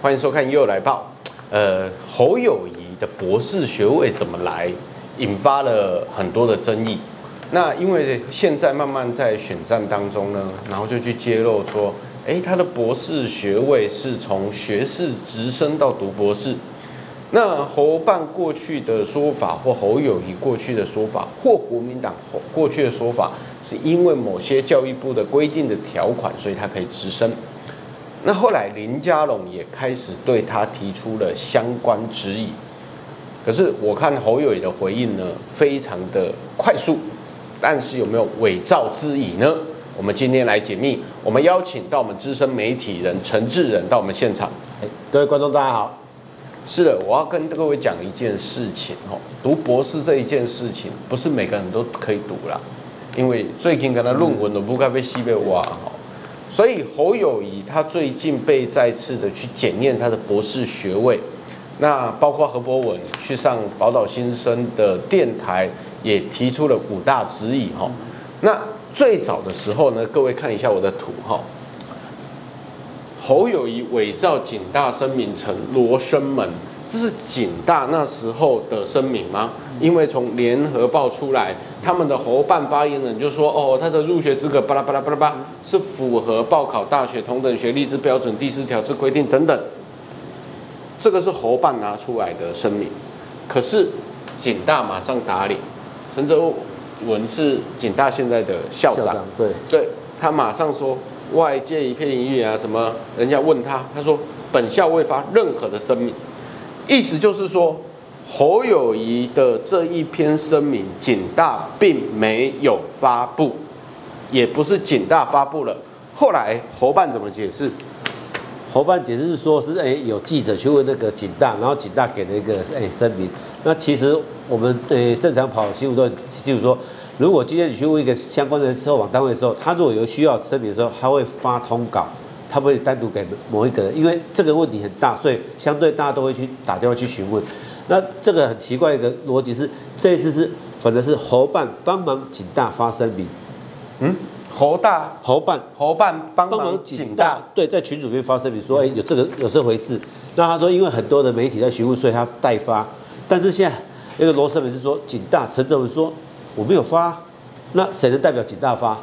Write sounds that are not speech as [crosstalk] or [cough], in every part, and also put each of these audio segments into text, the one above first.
歡迎收看《祐來爆》。呃，侯友宜的博士學位怎麼來，引發了很多的爭議。那因為現在慢慢在選戰當中呢，然後就去揭露說，哎，他的博士學位是從學士直升到讀博士。那侯辦過去的說法，或侯友宜過去的說法，或國民黨過去的說法，是因為某些教育部的規定的條款，所以他可以直升。那後來林家龍也開始對他提出了相關質疑，可是我看侯友宜的回應呢，非常的快速，但是有沒有偽造之疑呢？我們今天來解密，我們邀請到我們資深媒體人陳志仁到我們現場。各位觀眾大家好，是的，我要跟各位講一件事情哦、喔，讀博士這一件事情不是每個人都可以讀啦，因為最近跟他論文都不該被西北挖所以侯友宜他最近被再次的去檢驗他的博士學位，那包括何博文去上寶島新生的電台也提出了五大質疑哦。那最早的時候呢，各位看一下我的圖哈，侯友宜偽造警大聲明成羅生門，這是警大那時候的聲明嗎？因為從聯合報出來，他們的侯辦發言人就說：“哦，他的入學資格巴拉巴拉巴拉巴是符合報考大學同等學歷之標準第四條之規定等等。”這個是侯辦拿出來的聲明。可是警大馬上打臉，陳澤文是警大現在的校長，校長對，對他馬上說外界一片疑雲啊，什麼人家問他，他說本校未發任何的聲明，意思就是說。侯友宜的這一篇聲明，警大並沒有發布，也不是警大發布了。後來侯辦怎麼解釋？侯辦解釋是說，是、欸、有記者去問那個警大，然後警大給了一個欸、聲明。那其實我們、欸、正常跑新聞段，就是說，如果今天你去問一個相關的車網單位的時候，他如果有需要聲明的時候，他會發通稿，他不會單獨給某一個人。因為這個問題很大，所以相對大家都會去打電話去詢問。那這個很奇怪一個邏輯是，這一次是反正是侯辦幫忙警大發聲明，嗯，侯大侯辦侯辦幫忙警大,大，對，在群組裡面發聲明說，哎，有這個有這回事。嗯、那他說，因為很多的媒體在詢問，所以他代發。但是現在一個羅生門是說，警大陳澤文說我沒有發，那誰能代表警大發？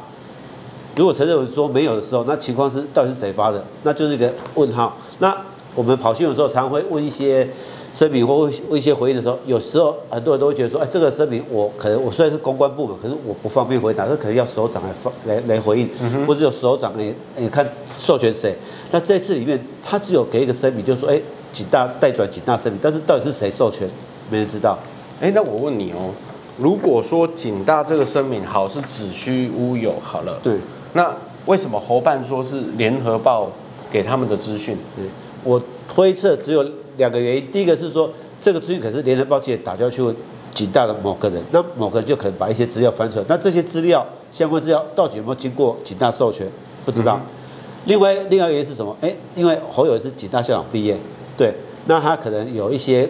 如果陳澤文說沒有的時候，那情況是到底是誰發的？那就是一個問號。那我們跑新聞的時候，常會問一些。聲明或一些回應的時候，有時候很多人都會覺得說：“哎，這個聲明我可能我雖然是公關部門，可是我不方便回答，這可能要首長來放來來回應，嗯、哼或者有首長你你看授權誰。”那這次裡面他只有給一個聲明，就是說：“哎，警大代轉警大聲明。”但是到底是誰授權，沒人知道。哎、欸，那我問你哦，如果說警大這個聲明好是子虛烏有，好了，對，那為什麼侯辦說是聯合報給他們的資訊？對我推測只有。兩個原因，第一個是說，這個資訊可是聯合報記者打掉去問警大的某個人，那某個人就可能把一些資料翻出來，那這些資料相關資料到底有沒有經過警大授權，不知道。嗯、另外，另外一個原因是什麼？哎，因為侯友是警大校長畢業，對，那他可能有一些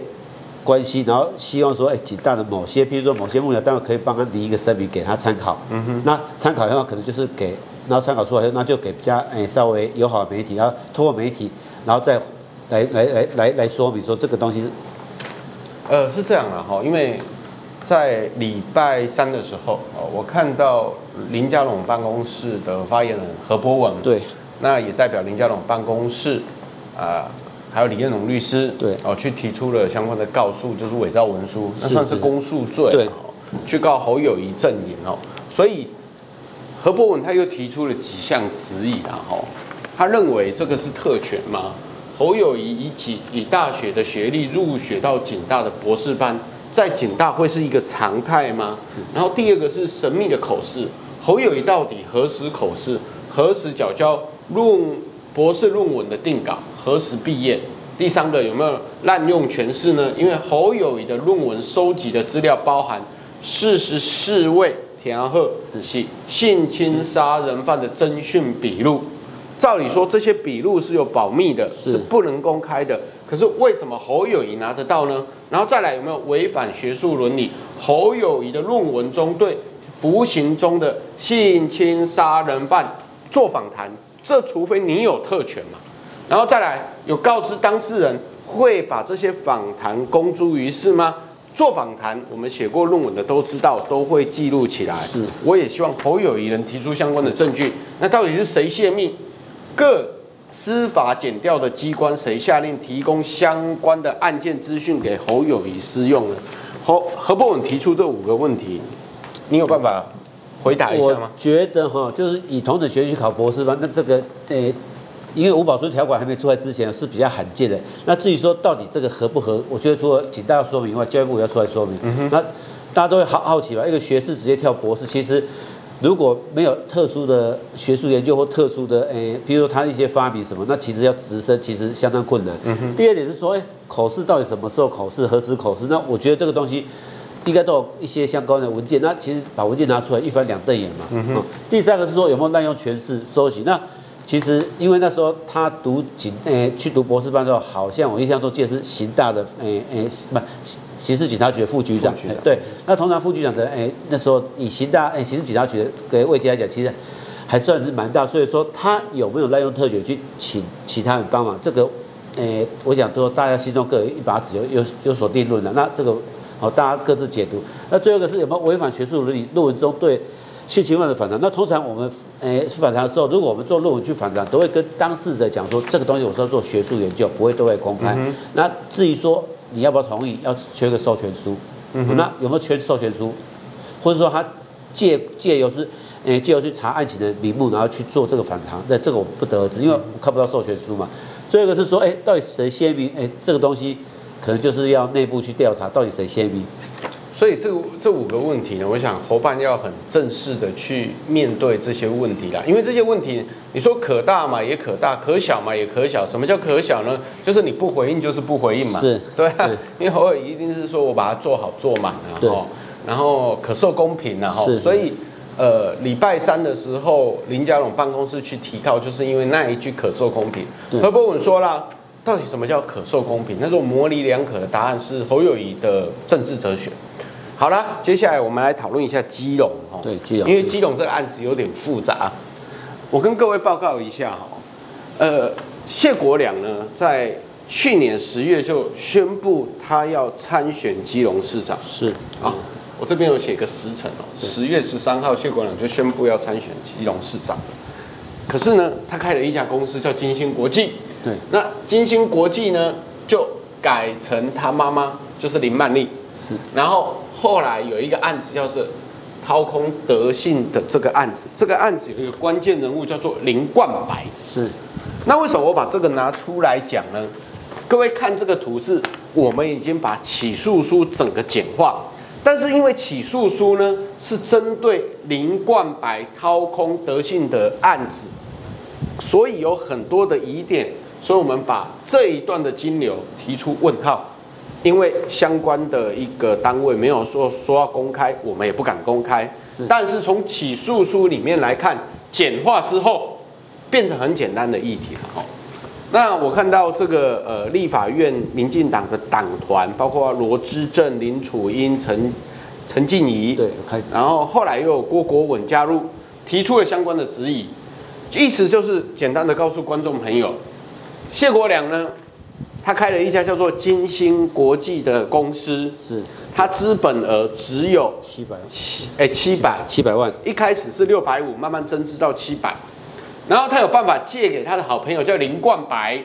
關係，然後希望說，哎，警大的某些，譬如說某些目標，當然可以幫他提一個聲明給他參考。嗯哼。那參考的話，可能就是給，然後參考出來，那就給比較哎稍微友好的媒體，然後透過媒體，然後再。來來來來來說比如說這個東西是，是呃，是這樣了哈，因為在禮拜三的時候哦，我看到林佳龍辦公室的發言人何博文，對，那也代表林佳龍辦公室啊、呃，還有李彥龍律師，對，哦，去提出了相關的告訴，就是偽造文書，那算是公訴罪，對，去告侯友宜證言哦，所以何博文他又提出了幾項質疑啊，他認為這個是特權嗎？侯友宜以及以大學的學歷入學到警大的博士班，在警大會是一個常態嗎？然後第二個是神秘的口試，侯友宜到底何時口試，何時繳交論博士論文的定稿，何時畢業？第三個有沒有濫用權勢呢？是因為侯友宜的論文收集的資料包含四十四位田安子、仔性侵殺人犯的偵訊筆錄。照理說，這些筆錄是有保密的，是，是不能公開的。可是為什麼侯友宜拿得到呢？然後再來有沒有違反學術倫理？侯友宜的論文中對服刑中的性侵殺人犯做訪談，這除非你有特權嘛。然後再來有告知當事人會把這些訪談公諸於世嗎？做訪談，我們寫過論文的都知道，都會記錄起來。是，我也希望侯友宜能提出相關的證據。嗯、那到底是誰洩密？各司法檢調的機關誰下令提供相關的案件資訊給侯友宜私用呢？侯何，何博文提出這五個問題，你有辦法回答一下嗎？我，我覺得哈，就是以同等學歷去考博士，反正這個誒、欸，因為吳寶春條款還沒出來之前是比較罕見的。那至於說到底這個合不合，我覺得除了請大家說明以外，教育部要出來說明。嗯哼。那大家都會好好奇吧，一個學士直接跳博士，其實。如果沒有特殊的學術研究或特殊的誒、欸、譬如說他一些發明什麼，那其實要直升其實相當困難。嗯、哼第二點是說，哎、欸，考試到底什麼時候考試，何時考試？那我覺得這個東西應該都有一些相關的文件。那其實把文件拿出來一翻兩瞪眼嘛、嗯哼哦。第三個是說有沒有濫用權勢收錢那。其實，因為那時候他讀警誒、欸、去讀博士班的時候，好像我印象中，記得是刑大的誒誒，不刑刑事警察局的副局長，副局長對。對那通常副局長的誒、欸，那時候以刑大誒刑、欸、事警察局的個位階來講，其實還算是蠻大。所以說，他有沒有濫用特權去請其他人幫忙？這個誒、欸，我想說大家心中各有一把尺，有有有所定論的。那這個好、喔，大家各自解讀。那最後一個是有沒有違反學術倫理？論文中對。七千萬的訪談，那通常我們去訪談的時候，如果我們做論文去訪談都會跟當事者講說，這個東西我是要做學術研究，不會對外公開。嗯、哼那至於說你要不要同意，要簽一個授權書，嗯、哼那有沒有簽授權書，或者說他借借由是借由去查案情的名目，然後去做這個訪談，那這個我不得而知，因為我看不到授權書嘛。最後一個是說，哎，到底誰洩密？哎，這個東西可能就是要內部去調查，到底誰洩密。」所以這這五個問題呢，我想侯辦要很正式的去面對這些問題啦，因為這些問題，你說可大嘛，也可大，可小嘛，也可小。什麼叫可小呢？就是你不回應就是不回應嘛。是，對，啊、對。因為侯友宜一定是說我把它做好做滿，然後對然後可受公平然是。對所以呃禮拜三的時候林佳龍辦公室去提到，就是因為那一句可受公平，何博文說啦，到底什麼叫可受公平？那種模棱兩可的答案是侯友宜的政治哲學。好了，接下來我們來討論一下基隆哦。對，基隆。因為基隆這個案子有點複雜，我跟各位報告一下哈。呃，謝國梁呢，在去年十月就宣佈他要參選基隆市長。是啊，我這邊有寫一個時程哦，十月十三號，謝國梁就宣佈要參選基隆市長。可是呢，他開了一家公司叫金星國際。對，那金星國際呢，就改成他媽媽，就是林曼麗。然後後來有一個案子，叫做掏空德信的這個案子。這個案子有一個關鍵人物叫做林冠白。是，那為什麼我把這個拿出來講呢？各位看這個圖，是我們已經把起訴書整個簡化。但是因為起訴書呢是針對林冠白掏空德信的案子，所以有很多的疑點，所以我們把這一段的金流提出問號。因為相關的一個單位沒有說說要公開，我們也不敢公開。是，但是從起訴書裡面來看，簡化之後變成很簡單的議題了。好那我看到這個呃，立法院民進黨的黨團，包括羅致政、林楚茵、陳陳靜儀，對，然後後來又有郭國文加入，提出了相關的質疑，意思就是簡單的告訴觀眾朋友，謝國梁呢？他開了一家叫做金星國際的公司，是，他資本額只有七,七百七，哎、欸，七百七百萬。一開始是六百五，慢慢增值到七百，然後他有辦法借給他的好朋友叫林冠白，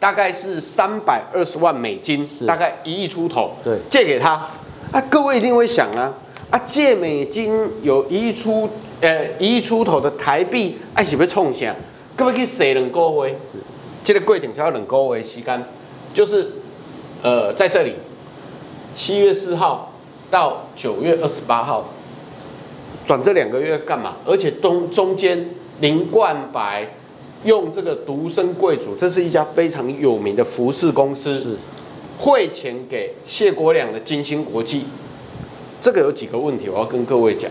大概是三百二十萬美金，是大概一億出頭，對，借給他。啊，各位一定會想啊，啊，借美金有一億出，呃，一億出頭的台幣，愛、啊、是要創啥？咁可以誰人高回？是這個過程需要兩個月時間。就是，呃，在這裡，七月四號到九月二十八號，轉這兩個月幹嘛？而且中中間林冠白用這個獨身貴族，這是一家非常有名的服飾公司，是匯錢給謝國樑的金星國際，這個有幾個問題我要跟各位講，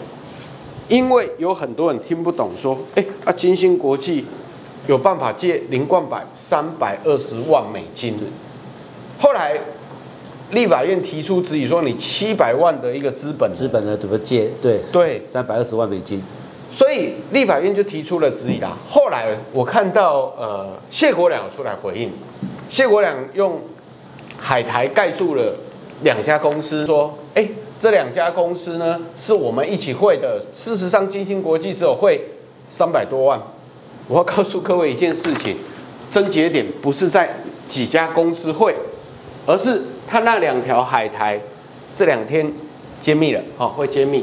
因為有很多人聽不懂，說，誒啊，金星國際有辦法借林冠白三百二十萬美金？後來，立法院提出質疑，說你七百萬的一個資本，資本的怎麼借？對對，三百二十萬美金。所以立法院就提出了質疑啦。後來我看到呃謝國梁有出來回應，謝國梁用海苔蓋住了兩家公司，說：“哎，這兩家公司呢是我們一起匯的。事實上，金星國際只有匯三百多萬。我要告訴各位一件事情，癥結點不是在幾家公司匯。”而是他那兩條海苔這兩天揭祕了，哦，會揭祕。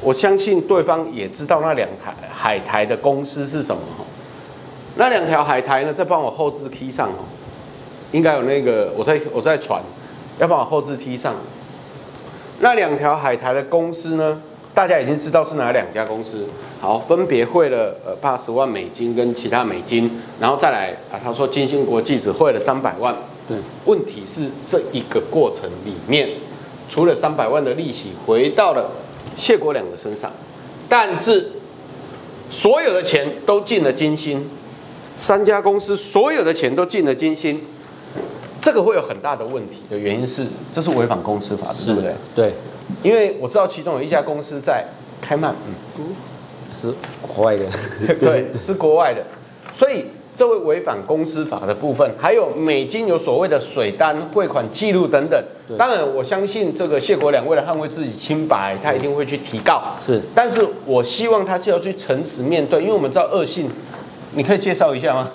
我相信對方也知道那兩條海苔的公司是什麼。那兩條海苔呢，在幫我後置 T 上應該有那個，我在我在傳，要幫我後置 T 上。那兩條海苔的公司呢，大家已經知道是哪兩家公司。好，分別匯了呃八十萬美金跟其他美金，然後再來啊，他說金星國際只匯了三百萬。對問題是這一個過程裡面，除了三百萬的利息回到了謝國梁的身上，但是所有的錢都進了金星，三家公司所有的錢都進了金星，這個會有很大的問題的原因是，這是違反公司法的，對不是對？對，因為我知道其中有一家公司在開曼，嗯，是國外的，對，對對是國外的，所以。這位違反公司法的部分，還有美金有所謂的水單匯款記錄等等。對當然，我相信這個謝國梁為了捍衛自己清白，對他一定會去提告。是，但是我希望他是要去誠實面對，因為我們知道二信，你可以介紹一下嗎？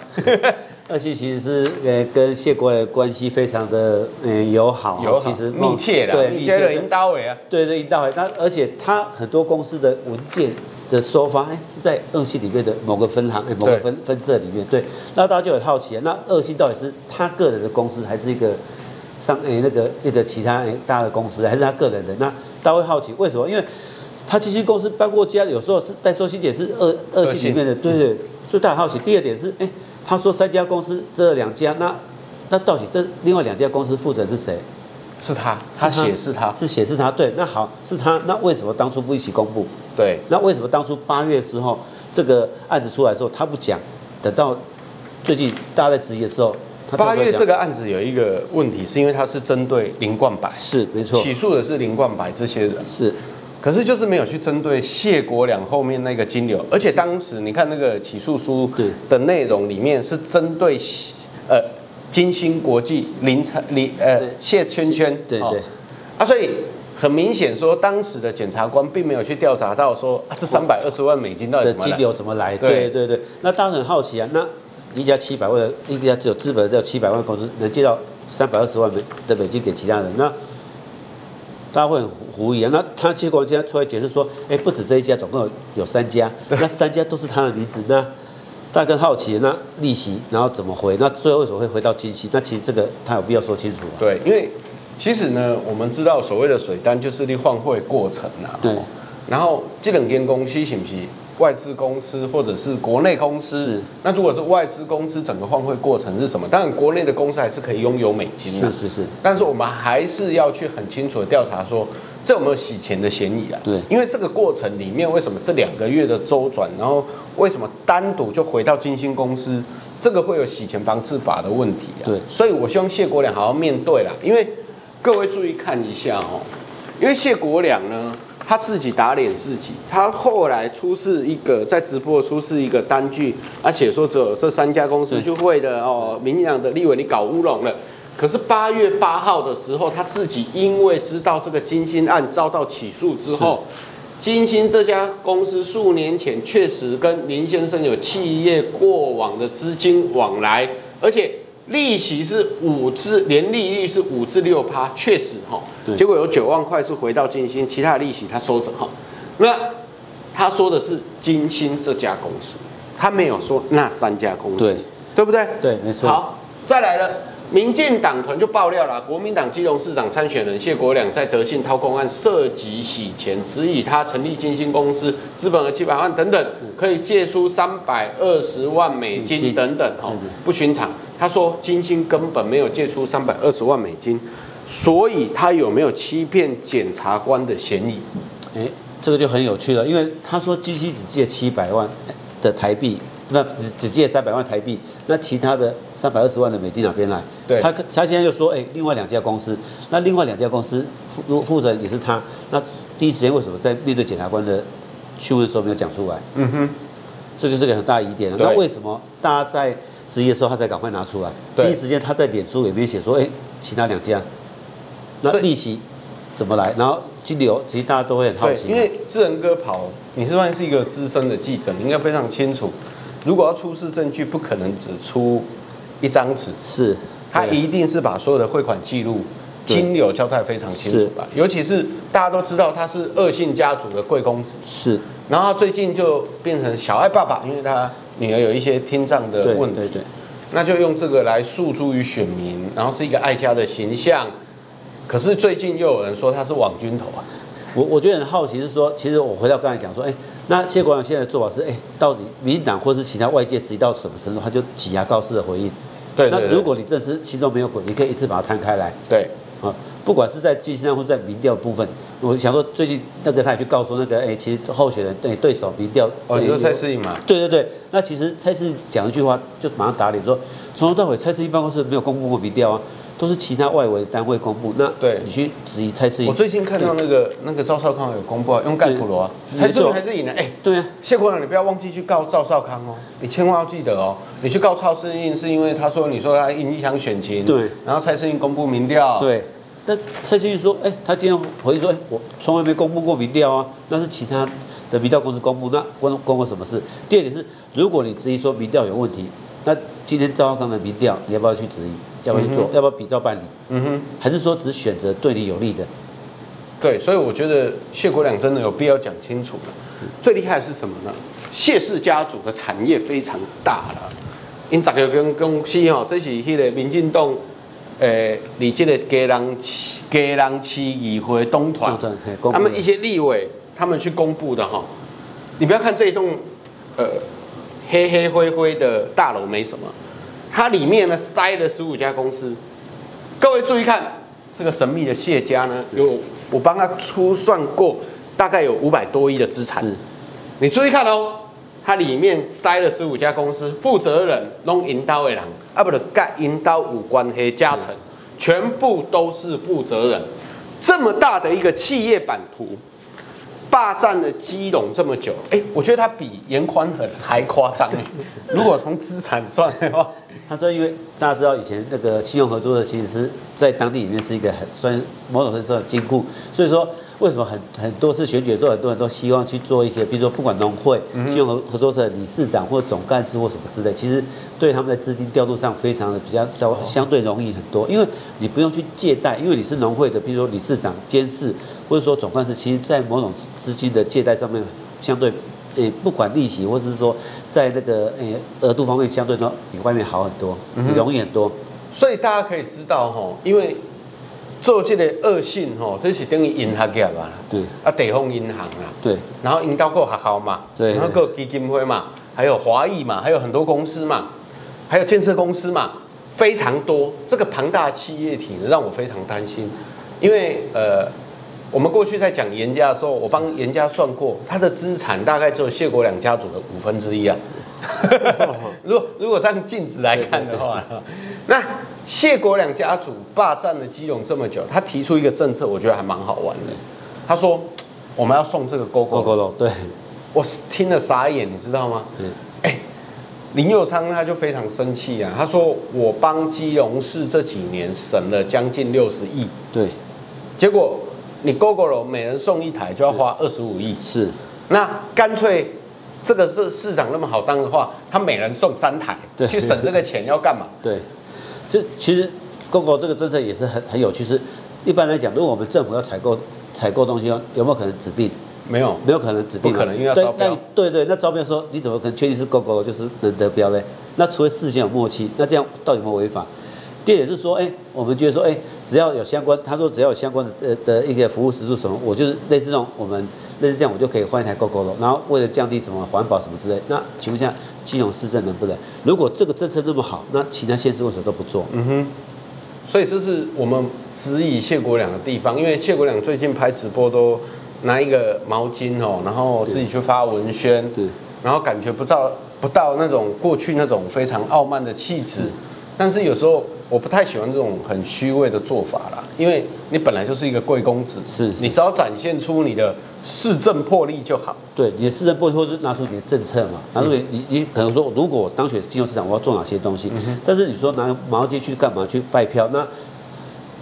二 [laughs] 信其實是呃跟謝國梁的關係非常的友好，尤好其是實密，對密切的，切的啊、對，對，密切跟尹大偉啊，對對尹大偉，但而且他很多公司的文件。的說法，哎是在二系裡面的某個分行，哎某個分對分社裡面對。那大家就很好奇，那二系到底是他個人的公司還是一個商，哎那個一個其他大的公司還是他個人的？那大家會好奇為什麼？因為他這些公司包括家，有時候是在收息姐是二二系裡面的對不對？嗯，所以大家很好奇。第二點是哎他說三家公司這兩家，那那到底這另外兩家公司負責是誰是？是他，他寫是，是他是寫是他對。那好是他，那為什麼當初不一起公布？對，那為什麼當初八月時候這個案子出來的時候他不講，等到最近大家在質疑的時候，八月這個案子有一個問題，是因為他是針對林冠百是沒錯，起訴的是林冠百這些人是，可是就是沒有去針對謝國梁後面那個金流，而且當時你看那個起訴書的內容裡面是針對呃金星國際林成林呃謝圈圈對對，對對啊所以。很明顯，說當時的檢察官並沒有去調查到說，說這三百二十萬美金到底的金流怎麼來的？對對對。那大家很好奇啊，那一家七百萬的，一家只有資本只有七百萬公司，能借到三百二十萬美美金給其他人？那大家會很狐疑啊。那他結果今天出來解釋說，哎、欸，不止這一家，總共有，有三家，那三家都是他的名字。那大家更好奇，那利息然後怎麼回？那最後為什麼會回到利息？那其實這個他有必要說清楚啊。對，因為。其實呢，我們知道所謂的水單就是你換匯過程吶。對。然後這兩間公司行不行？外資公司或者是國內公司？是。那如果是外資公司，整個換匯過程是什麼？當然國內的公司還是可以擁有美金的。是是是。但是我們還是要去很清楚的調查說，說這有沒有洗錢的嫌疑啊？對。因為這個過程裡面，為什麼這兩個月的周轉，然後為什麼單獨就回到金星公司，這個會有洗錢防制法的問題啊？對。所以我希望謝國梁好好面對啦，因為。各位注意看一下哦，因為謝國梁呢，他自己打臉自己，他後來出示一個在直播出示一個單據，而且說只有這三家公司，就為了哦，民進黨的立委你搞烏龍了。可是八月八號的時候，他自己因為知道這個金星案遭到起訴之後，是金星這家公司數年前確實跟林先生有企業過往的資金往來，而且。利息是五至，年利率是五至六趴，確實哈，對 結果有九萬塊是回到金星，其他的利息他收着哈。那他說的是金星這家公司，他沒有說那三家公司，對，對不對？對，沒錯。好，再來了，民進黨團就爆料了，國民黨金融市長參選人謝國梁在德信掏空案涉及洗錢，質疑他成立金星公司，資本額七百萬等等，可以借出三百二十萬美金等等哈，對不尋常。他說：“金星根本沒有借出三百二十萬美金，所以他有沒有欺騙檢察官的嫌疑？”哎、欸，這個就很有趣了，因為他說金星只借七百萬的台幣，那只只借三百萬台幣，那其他的三百二十萬的美金哪邊來？對他，他現在就說：“哎、欸，另外兩家公司，那另外兩家公司負負責人也是他，那第一時間為什麼在面對檢察官的詢問的時候沒有講出來？”嗯哼，這就是一個很大的疑點。對那為什麼大家在？職業的時候，他才趕快拿出來。第一時間，他在臉書裡面寫說：“哎對、欸，其他兩家，那利息怎麼來？”然後，金流，其實大家都會很好奇。對，因為志仁哥跑，你是算是一個資深的記者，你應該非常清楚。如果要出示證據，不可能只出一張紙，是他一定是把所有的匯款記錄。金友交代非常清楚吧，尤其是大家都知道他是惡性家族的貴公子，是。然後他最近就變成小愛爸爸，因為他女兒有一些聽障的問題，對對，那就用這個來訴諸於選民，然後是一個愛家的形象。可是最近又有人說他是網軍頭啊，我，我我覺得很好奇，是說其實我回到剛才講說，哎、欸，那謝國梁現在做法是，哎、欸，到底民黨或是其他外界質疑到什麼程度，他就擠牙造式的回應。對，對。那如果你這時心中沒有鬼，你可以一次把它攤開來。對。啊，不管是在電視上或在民調部分，我想說最近那個他也去告訴那個，哎、欸，其實候選人對對手民調，哦，你說蔡適應嘛？對對對，那其實蔡適應講一句話就馬上打臉，說從頭到尾蔡適應辦公室沒有公布過民調啊。都是其他外圍單位公布，那對你去質疑蔡適應。我最近看到那個對那個趙少康有公布，啊，用蓋普羅啊，對蔡適應還是贏呢？哎錯，欸、對啊，謝國梁，你不要忘記去告趙少康哦、喔，你千萬要記得哦、喔。你去告蔡適應是因為他說你說他影響選情，對。然後蔡適應公布民調，對。但蔡適應說，哎、欸，他今天回應說，欸，我從來沒公布過民調啊，那是其他的民調公司公布，那關關我什麼事？第二點是，如果你質疑說民調有問題。那今天趙少康的民調，你要不要去質疑？要不要去做？嗯、哼要不要比照辦理？嗯哼，還是說只選擇對你有利的？對，所以我覺得謝國梁真的有必要講清楚了。最厲害的是什麼呢？謝氏家族的產業非常大了。因 n 哪跟公公司哦？這是那個民進黨呃立這個基隆基隆市議會黨團，對對對，他們一些立委他們去公布的哈。你不要看這一棟，呃。黑黑灰灰的大樓沒什麼，它裡面呢塞了十五家公司。各位注意看，這個神秘的謝家呢，是有我幫他初算過，大概有五百多億的資產。是你注意看哦，它裡面塞了十五家公司，負責人弄銀刀的人啊不關的，不對、嗯，蓋銀刀五官黑加成，全部都是負責人。嗯、這麼大的一個企業版圖。霸佔了基隆這麼久，哎，我覺得他比顏寬恆還誇張。如果從資產算的話。他說：“因為大家知道，以前那個信用合作社其實是在當地裡面是一個很算某種程度上的金庫，所以說為什麼很很多次選舉的時候，很多人都希望去做一些，比如說不管農會、嗯、哼信用合合作社理事長或總幹事或什麼之類，其實對他們的資金調度上非常的比較相相對容易很多，因為你不用去借貸，因為你是農會的，比如說理事長、監事，或者說總幹事，其實在某種資金的借貸上面相對。”欸、不管利息，或是說在，那個，在這個誒額度方面，相對都比外面好很多，容易很多，嗯。所以大家可以知道，吼，因為做這個惡性，吼，這是等於銀行家啊，對，啊，地方銀行啦，對，然後引導過學校嘛，對，然後過基金會嘛，還有華裔嘛，還有很多公司嘛，還有建設公司嘛，非常多。這個龐大企業體讓我非常擔心，因為呃。我們過去在講嚴家的時候，我幫嚴家算過，他的資產大概只有謝國梁家族的五分之一啊 [laughs] 如，如果如果上淨值來看的話，對對對對，那謝國梁家族霸占了基隆這麼久，他提出一個政策，我覺得還蠻好玩的。對他說我們要送這個勾勾勾對，我聽了傻眼，你知道嗎？對欸、林右昌他就非常生氣啊。他說我幫基隆市這幾年省了將近六十億。對，結果。你 Gogoro 每人送一台就要花二十五億，是，那乾脆這個是市市長那麼好當的話，他每人送三台，對去省這個錢要幹嘛？對，就其實 Gogoro 這個政策也是很很有趣。是，一般來講，如果我們政府要採購採購東西，有有沒有可能指定？沒有，沒有可能指定，不可能因為要招標對。對對對，那招標說你怎麼可能確定是 Gogoro 就是能得標嘞？那除非事先有默契，那這樣到底有沒有違法？第二是說，哎、欸，我們覺得說，哎、欸，只要有相關，他說只要有相關的的、的一個服務時數什麼，我就是類似這種，我們類似這樣，我就可以換一台 Gogoro，然後為了降低什麼環保什麼之類，那請問一下，基隆市政能不能？如果這個政策那麼好，那其他縣市為什麼都不做？嗯哼。所以這是我們質疑謝國梁的地方，因為謝國梁最近拍直播都拿一個毛巾哦，然後自己去發文宣，對，然後感覺不到不到那種過去那種非常傲慢的氣質，是但是有時候。我不太喜歡這種很虛偽的做法啦，因為你本來就是一個貴公子，是，是你只要展現出你的市政魄力就好。對，你的市政魄力，或者拿出你的政策嘛，拿、啊、出你你、嗯、哼 你可能說，如果我當選基隆市長，我要做哪些東西？嗯、哼 但是你說拿毛巾去幹嘛？去拜票？那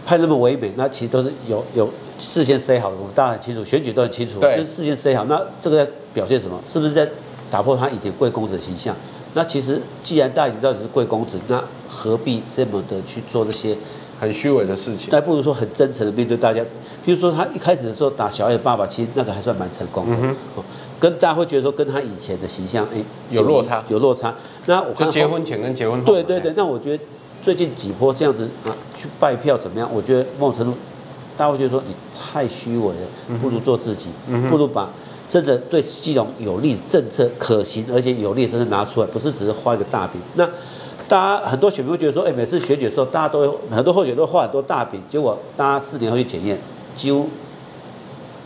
拍那麼唯美，那其實都是有有事先塞好的，我們大家很清楚，選舉都很清楚，對 就是事先塞好。那這個在表現什麼？是不是在打破他以前貴公子的形象？那其實，既然大家知道你是貴公子，那何必這麼的去做這些很虛偽的事情？但不如說很真誠的面對大家。譬如說他一開始的時候打小野爸爸，其實那個還算蠻成功的，嗯哼哦、跟大家會覺得說跟他以前的形象、嗯，有落差，有落差。那我結婚前跟結婚後，對對對。那我覺得最近幾波這樣子啊，去拜票怎麼樣？我覺得某種程度，大家會覺得說你太虛偽了，嗯、哼不如做自己，嗯、哼不如把。真的對基隆有利政策、可行，而且有利，真的政策拿出來，不是只是畫一個大餅。那大家很多選民會覺得說，哎，每次選舉的時候，大家都很多候選人都畫很多大餅，結果大家四年後去檢驗，幾乎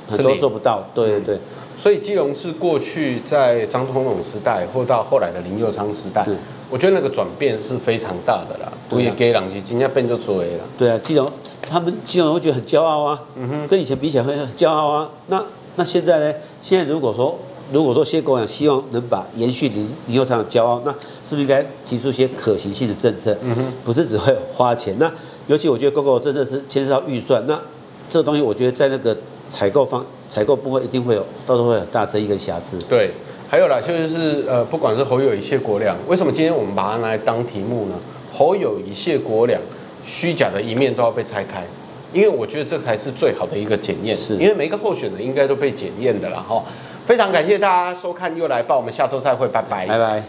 很多做不到。對對你對。對對，所以基隆是過去在張通榮時代，或到後來的林右昌時代，對我覺得那個轉變是非常大的啦。不也給兩句今天變就出來了。對啊，基隆、啊、他們基隆會覺得很驕傲啊，嗯哼，跟以前比起來很很驕傲啊。那那現在呢？現在如果說，如果說謝國梁希望能把延續林，林右昌的驕傲，那是不是應該提出一些可行性的政策？嗯哼，不是只會花錢。那尤其我覺得購購真的是牽涉到預算，那這個東西我覺得在那個採購方採購部分一定會有，到時候會有大爭議跟瑕疵。對，還有啦，就是呃，不管是侯友宜謝國梁，為什麼今天我們把它拿來當題目呢？侯友宜謝國梁虛假的一面都要被拆開。因為我覺得這才是最好的一個檢驗，是，因為每一個候選人應該都被檢驗的啦哈。非常感謝大家收看，又來報，我們下周再會，拜拜，拜拜。